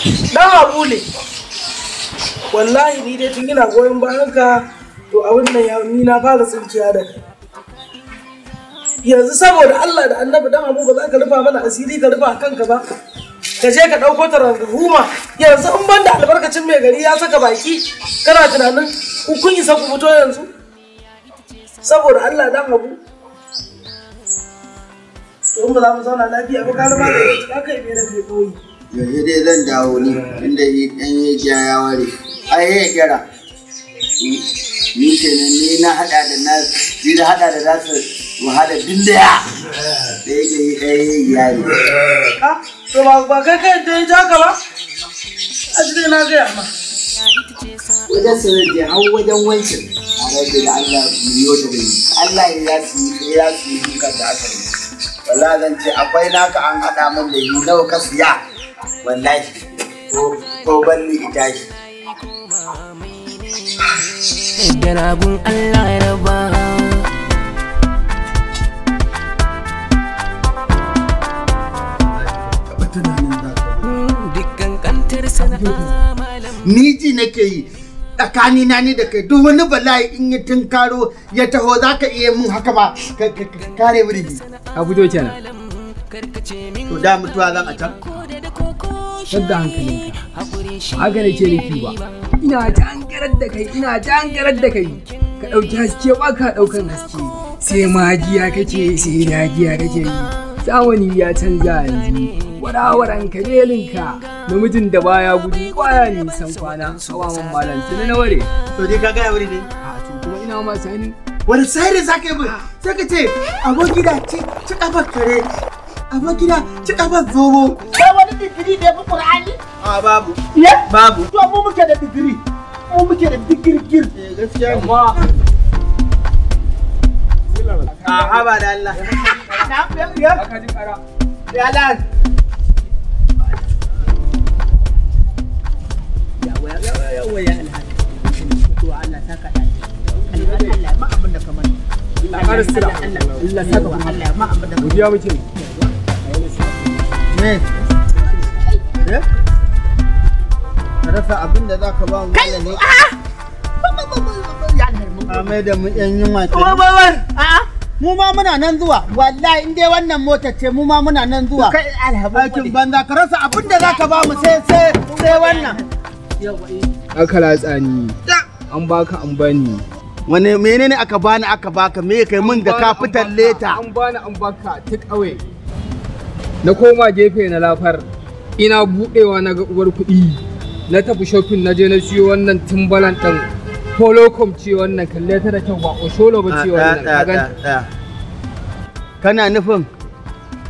dan ne wallahi ni dai tun ina goyon bayan ka to abin nan ya ni na fara tsinciya da ka. yanzu saboda Allah da Annabi dan abu ba za ka rufa mana asiri ka rufa kanka ba ka je ka ɗauko ranguma yanzu in banda albarkacin mai gari ya saka baki kana tunanin kun isa ku fito yanzu saboda Allah dan abu to in ba za mu zauna lafiya ba ka zama da ka kai mai da kai koyi yaushe dai zan dawo ni inda ɗan ya ja ya ware ai ya gyara ni kenan ni na hada da na ni da hada da za su wahala duk daya da yake yi ɗaya ya yi yari to ba ba kai kai da ja ka ba a cikin na gaya ma wajen da hau wajen wancan a rage da Allah miliyo da bai Allah ya su yi ya su yi duka da aka yi wala zan ce akwai naka an hada min da yi nawa ka siya wallahi ko shi Allah ya raba ni nake yi tsakani na ni da kai duk wani bala'i in ya tunkaro ya taho za ka iya mun haka ba ka kare wuri abu kenan to da mutuwa zan a can kwantar da hankalinka haka ce nufi ba ina ta hankarar da kai ina ta hankarar da kai ka ɗauki haske ba ka ɗaukan haske sai magiya kake sai dagiya kake yi zamani ya canza yanzu warawaran karelinka namijin da baya gudu baya nisan kwana kawaman malam tuni na ware to dai ka gaya wuri ne a to kuma ina ma sani wani sai da zaka yi sai ka ce aboki da ci ci kafar kare Amma gida cika ban zomo. Kai wani digiri da ya fi A babu. Ye? Babu. To mu muke da digiri. Mu muke da digirgir. Eh gaskiya ne. Ba. A haba da Allah. Na ya. Ka ji kara. Ya Allah. ya Allah saka da Allah ma abin da kamar Allah Allah saka Allah ma abin da kamar me eh rasa abin da zaka ba mu ne a mai da mu yan yunwa ke ah! mu ma muna nan zuwa wallahi in dai wannan motar ce mu ma muna nan zuwa kai alhabakin banza ka rasa abin da zaka ba mu sai sai sai wannan eh. aka latsani an baka an bani wani menene aka bani aka baka me kai mun da ka fitar leta an bani an baka ta kauye na koma gefe na lafar ina buɗewa na ga uwar kuɗi na tafi shopping na je na siyo wannan timbalan ɗin holocom ce wannan kalle ta da kyau ba osholo ba ce ah, wannan ah, ah, kana nufin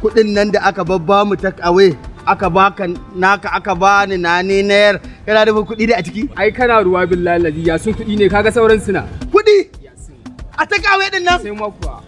kuɗin nan da aka babba mu ta kawe aka baka naka aka ni na ne nayar kana nufin kuɗi da a ciki ai kana ruwa billahi ya sun kuɗi ne kaga sauran suna kuɗi a ta kawe din nan sai ma kuwa